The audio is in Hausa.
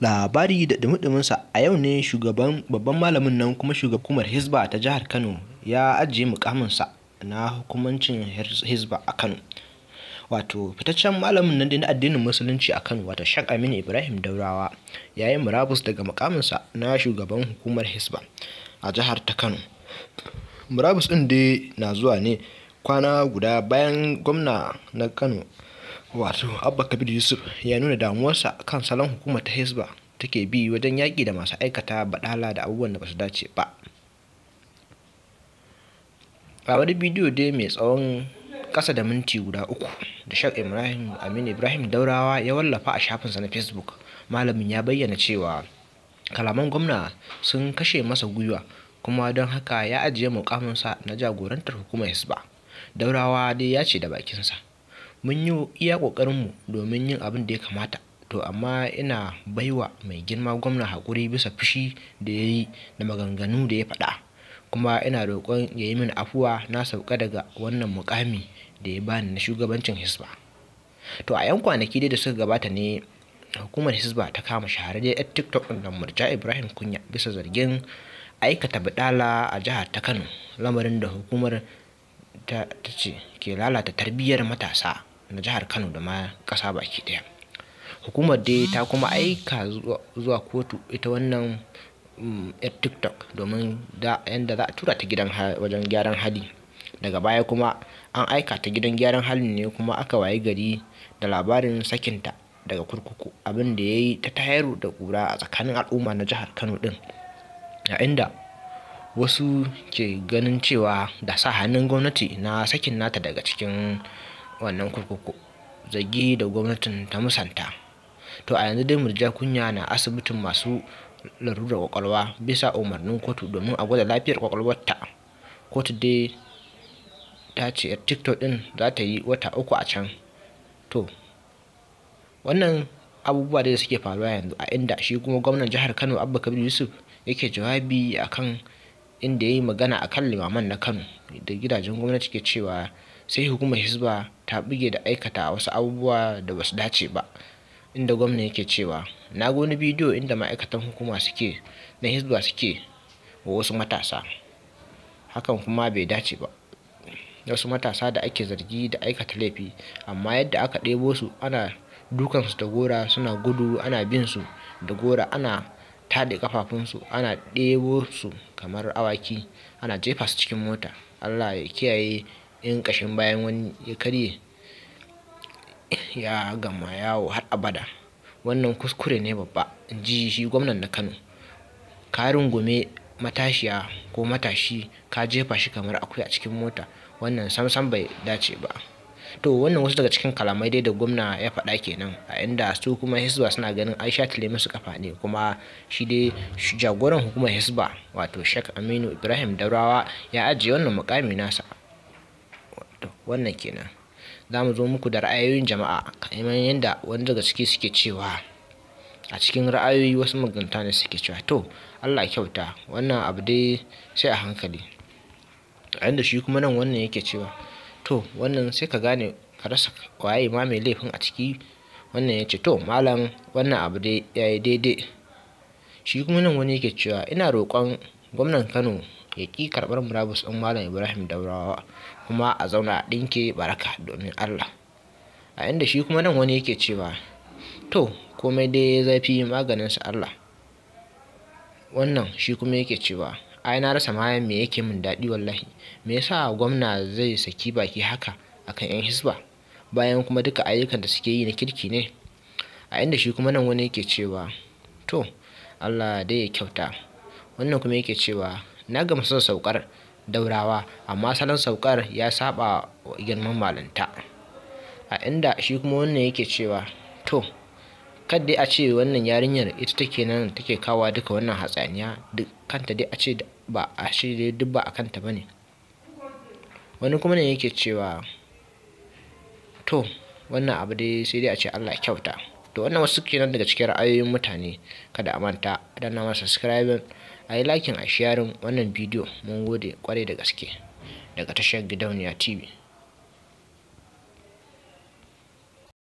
labari da dumudumunsa a yau ne shugaban babban malamin nan kuma shugaban hizba ta jihar kano ya ajiye mukaminsa na hukumancin hizba a kano wato fitaccen malamin nan na addinin musulunci a kano wata shak aminu ibrahim daurawa ya yi murabus daga mukaminsa na shugaban hukumar Hisba a jihar ta kano murabus ɗin dai na zuwa ne kwana guda bayan gwamna na kano wato abba kabir yusuf ya nuna damuwarsa kan salon hukumar ta hezba take bi wajen yaƙi da masu aikata baɗala da abubuwan da ba dace ba a wani bidiyo dai mai tsawon ƙasa da minti guda uku da shak ibrahim amin ibrahim daurawa ya wallafa a shafinsa na facebook malamin ya bayyana cewa kalaman gwamna sun kashe masa gwiwa kuma don haka ya ajiye mukaminsa na jagorantar hukumar hisba daurawa dai ya ce da bakinsa mun yi iya ƙoƙarinmu domin yin abin da ya kamata to amma ina baiwa mai girma gwamna haƙuri bisa fushi da ya yi da maganganu da ya faɗa kuma ina roƙon ya yi min afuwa na sauka daga wannan mukami da ya bani na shugabancin hisba to a yan kwanaki dai da suka gabata ne hukumar hisba ta kama shahararriyar yar tiktok da murja ibrahim kunya bisa zargin aikata bidala a jihar ta kano lamarin da hukumar ta ce ke lalata tarbiyyar matasa na jihar Kano da ma kasa baki daya Hukumar dai ta kuma aika zuwa kotu ita wannan mm, yar TikTok domin yadda za a tura ta gidan wajen gyaran hali. Daga baya kuma an aika ta gidan gyaran hali ne kuma aka waye gari da labarin sakinta daga kurkuku abin da ya yi ta tayar da kura a tsakanin al'umma na jihar Kano din a inda wasu ke ganin cewa da sa hannun gwamnati na sakin nata daga cikin wannan kurkuku Zagi da gwamnatin ta musanta to a yanzu dai murja kunya na asibitin masu larurar kwakwalwa bisa umarnin kotu domin a gwada lafiyar kwakwalwarta kotu dai ta ce a tiktok din za ta yi wata uku a can to wannan abubuwa da suke faruwa yanzu a inda shi kuma gwamnan jihar kano abba kabir yusuf yake jawabi akan inda ya yi magana akan limaman na kano da gidajen gwamnati ke cewa sai hukumar hisba ta buge da aikata wasu abubuwa da basu dace ba inda gwamna yake cewa na ga bidiyo inda ma'aikatan hukuma suke na hisba suke wa wasu matasa hakan kuma bai dace ba wasu matasa da ake zargi da aikata laifi amma yadda aka ɗebo su ana dukansu da gora suna gudu ana bin su da gora ana taɗe kafafunsu ana ɗebo su kamar awaki ana jefa su cikin mota allah ya kiyaye in kashin bayan wani ya karye ya gama yawo har abada wannan kuskure ne babba in ji shi gwamnan na kano ka rungume matashiya ko matashi ka jefa shi kamar akwai a cikin mota wannan samsam bai dace ba to wannan wasu daga cikin kalamai dai da gwamna ya faɗa kenan a inda su kuma hisba suna ganin aisha tile musu kafa ne kuma shi dai jagoran hukumar hisba wato shek aminu ibrahim daurawa ya ajiye wannan mukami nasa to wannan kenan za mu zo muku da ra'ayoyin jama'a kamar yadda wani daga ciki suke cewa a cikin ra'ayoyi wasu maganta ne suke cewa to allah kyauta wannan abu dai sai a hankali a yadda shi kuma nan wannan yake cewa to wannan sai ka gane ka rasa waye ma mai laifin a ciki wannan ya ce to malam wannan abu dai ya yi daidai shi kuma nan wani yake cewa ina roƙon gwamnan kano ya ƙi karɓar murabus ɗin malam ibrahim daurawa kuma a zauna a ɗinke baraka domin allah a inda shi kuma nan wani yake cewa to komai dai ya zafi su allah wannan shi kuma yake cewa ai na rasa mayan me yake min daɗi wallahi me yasa gwamna zai saki baki haka akan yan hisba bayan kuma duka ayyukan da suke yi na kirki ne a inda shi kuma nan wani yake cewa to allah dai ya kyauta wannan kuma yake cewa na gamsar saukar daurawa amma salon saukar ya saba wa girman malinta a inda shi kuma wannan yake cewa to dai a ce wannan yarinyar ita take nan take kawa duka wannan hatsaniya duk kanta dai a ce ba a shi dai duk ba a kanta bane wani kuma ne yake cewa to wannan abu dai sai dai a ce Allah kyauta to wannan wasu kenan daga cikin ra'ayoyin mutane kada a manta danna masa subscribe a yi lakin a sharing wannan bidiyo mun gode kwarai da gaske daga tashar gidauniya tv